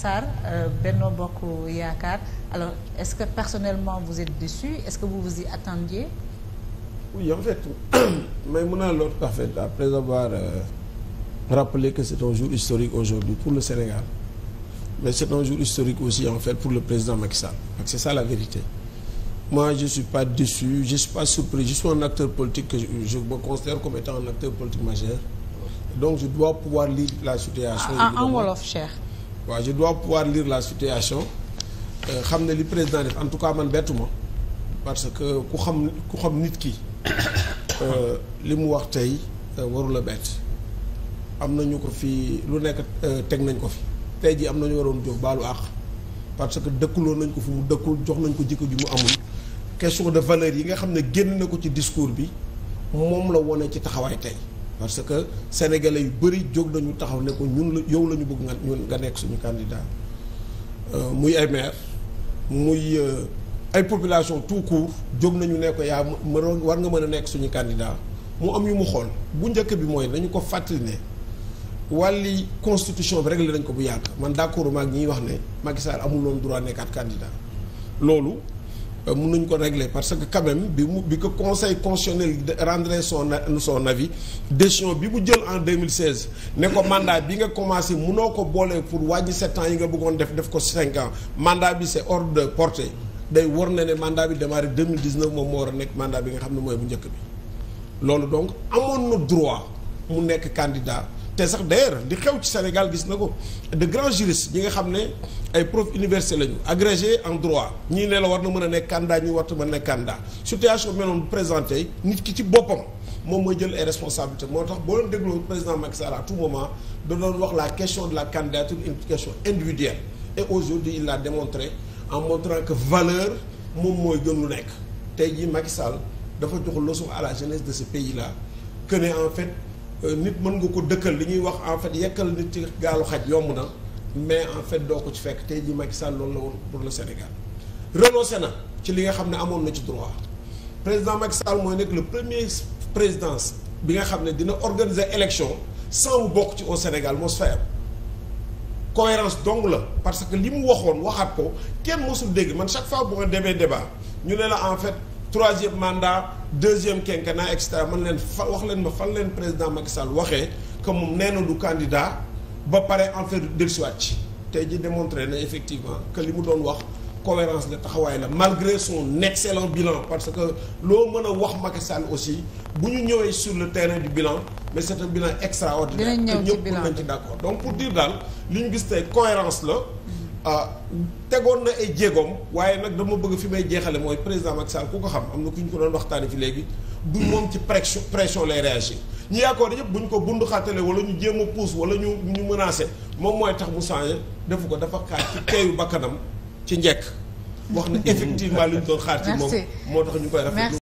Sarr euh, Benno Bokk Yaakaar alors est-ce que personnellement vous êtes déçu est-ce que vous vous y attendiez oui en fait Maïmouna Lor en fait après avoir euh, rappelé que c'est un jour historique aujourd'hui pour le Sénégal mais c'est un jour historique aussi en fait pour le président Macky Sall c'est ça la vérité moi je suis pas déçu je suis pas surpris je suis un acteur politique que je, me considère comme étant un acteur politique majeur waa je dois pouvoir liir la situation euh, xam ne li président def en tout cas man bettu ma parce que ku xam ku xam nit ki euh, li mu wax tey euh, warul a bett am nañu ko fii lu nekk teg nañ ko fi tey jii am nañu waroon jox baalu àq parce que dëkkuloo nañ ko fi mu dëkkul jox nañ ko jikko ji mu amul question de valeur yi nga xam ne génn na ko ci discours bi moom la wone ci taxawaay tey parce que sénégalais yu bëri jóg nañu taxaw ne ko ñun la yow la bëgg nga ñun nga nekk suñu candidat euh, muy ay maire muy euh, ay population tout court jóg nañu ne ko yaa war nga mën a nekk suñu candidat mu am yu mu xool bu njëkk bi mooy nañu ko fàttali ne wàlli constitution bi réglé nañ ko bu yàgg man d'accord maag ñiy wax ne Macky Sall amul woon droit nekkaat candidat loolu Euh, mun nañu ko régler parce que quand même bi mu bi ko conseil constitutionnel rendre son son avis décision bi mu jël en 2016 ne ko mandat bi nga commencé munoo ko boolee pour wàññi sept yi nga bëggoon def def ko cinq ans mandat bi c'est hors de portée day war na ne mandat bi démarré 2019 moom moo a nekk mandat bi nga xam ne mooy bu njëkk bi loolu donc amoon na droit. mu nekk candidat te sax d'ailleurs di xew ci Sénégal gis na ko de grands juristes ñi nga xam ne ay prof université lañu agrégé en droit ñii ne la war na mën a nekk candidat war warta ma nekk candidat situation mel noonu présenté nit ki ci boppam moom mooy jël ay responsabilité moo tax boo doon dégloo président Macky Sall à tout moment da doon wax la question de la candidature une question individuelle et aujourd'hui il l'a démontré en montrant que valeur moom mooy gën lu nekk tey jii Macky Sall dafa jox leçon à la jeunesse de ce en fait Euh, nit mën nga ko dëkkal li ñuy wax en yekkal nit ci gaalu xaj yomb na mais en fait doo ko ci fekk tey jii Macky Sall loolu la woon pour le Sénégal renoncé na ci li nga xam ne amoon na ci droit président Macky Sall mooy nekk le premier présidence bi nga xam ne dina organiser élection sans bokk ci au Sénégal mos fa am cohérence dong la parce que li mu waxoon waxaat ko kenn mosul dégg man chaque fois bu nga demee débat ñu ne la en fait troisième mandat deuxième quinquennat et cetera man leen fa wax leen ma fan leen président Macky Sall waxee que moom nee na du candidat ba pare en fait dellusiwaat ci tey ji démontré na effectivement que li mu doon wax cohérence la taxawaay la malgré son excellent bilan parce que loo mën a wax Macky Sall aussi bu ñu ñëwee sur le terrain du bilan mais c'est un bilan extraordinaire ñëpp mën nañ ci d'accord donc pour dire daal li ñu gis tey cohérence la Ah, tegoon na ay jéegoom waaye nag dama bëgg fi may jeexale mooy président Macky Sall ku ko xam am na ku ñu ko doon waxtaanee fi léegi. du moom ci pression pression lay réagir. ñu yaakaar yëpp bu ñu ko bund xaatale wala ñu jéema pouse pousse wala ñu ñu menacé moom mooy tax mu changé defu ko dafa xaar ci teeyu bakkanam ci njekk wax na effectivement li ñu doon xaar ci moom moo tax ñu koy rafetlu.